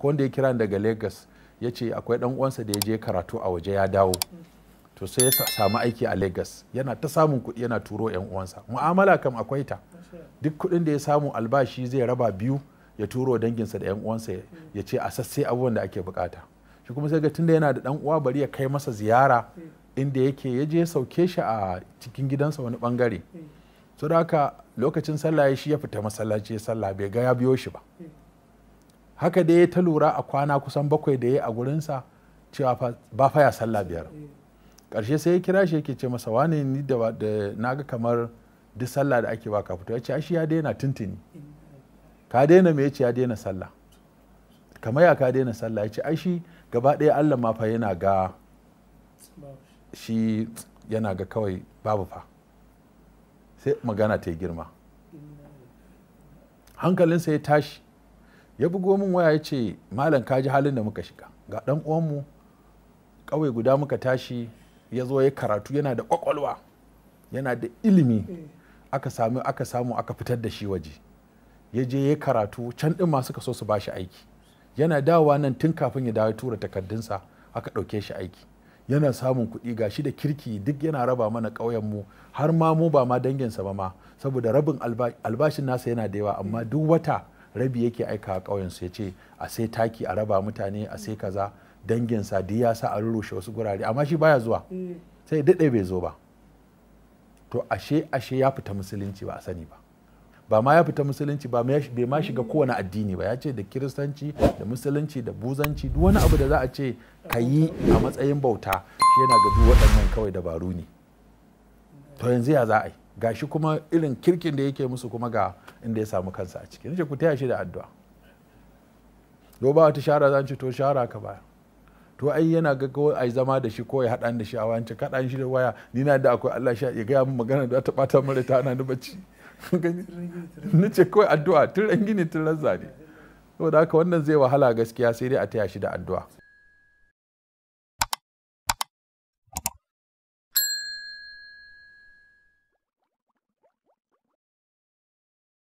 akwai wanda ya kira daga lagos ya ce akwai dan uwansa da ya je karatu a waje ya dawo to sai ya samu aiki a lagos yana ta samun kuɗi yana turo yan uwansa mu'amala kam akwai ta duk kuɗin da ya samu albashi zai raba biyu ya turo danginsa da yan uwansa ya ce a sassai abubuwan da ake bukata shi kuma sai ga tunda yana da dan uwa bari ya kai masa ziyara inda yake ya je sauke shi a cikin gidansa wani bangare so haka lokacin sallah ya shi ya fita masallaci sallah bai ga ya biyo shi ba haka dai ya ta lura a kwana kusan bakwai da ya a gurinsa cewa ba fa ya sallah biyar ƙarshe sai ya kira shi yake ce masa wane ni da ga kamar duk sallah da ake baka fito ya ce shi ya daina tuntuni ka daina me ya ce ya daina sallah kamar ya ka daina sallah ya ce ai gaba ɗaya Allah ma fa yana ga shi yana ga kawai babu fa sai magana ta yi girma hankalinsa ya tashi ya bugo min waya ya ce malam ka ji halin da muka shiga ga dan uwanmu ƙauye guda muka tashi ya zo ya karatu yana da kwakwalwa yana da ilimi eh. aka samu aka samu aka fitar da shi waje ya je ya karatu can ɗin masu kaso su bashi aiki yana dawowa nan tun kafin ya dawo ya tura takardunsa aka ɗauke shi aiki yana samun kuɗi ga shi da kirki duk yana raba mana mu har ma mu ba ma danginsa ba ma saboda rabin albashin nasa yana da yawa amma duk wata rabi yake aika a ƙauyen su ya ce a sai taki a raba mutane a sai kaza dangin sa duk ya sa a rurrushe wasu gurare amma shi baya zuwa mm. sai daɗe bai zo ba to ashe ashe ya fita musulunci ba a sani ba ba ma ya fita musulunci ba bai ma shiga kowane addini ba ya ce da kiristanci da musulunci da buzanci duk wani abu da za a ce ka yi a matsayin bauta shi yana ga duk waɗannan kawai dabaru ne to yanzu ya za a yi gashi kuma irin kirkin da yake musu kuma ga inda ya samu kansa a ciki nace ku taya shi da addu'a do ba wata shara zan ci to shara ka ba. to ai yana ga ko ai zama da shi ko ya haɗa da shi a wance kaɗan shi da waya ni na da akwai Allah sha ya gaya min magana da ta bata mara ta ana da bacci nace kawai addu'a tun rangini tun razza ne saboda haka wannan zai wahala gaskiya sai dai a taya shi da addu'a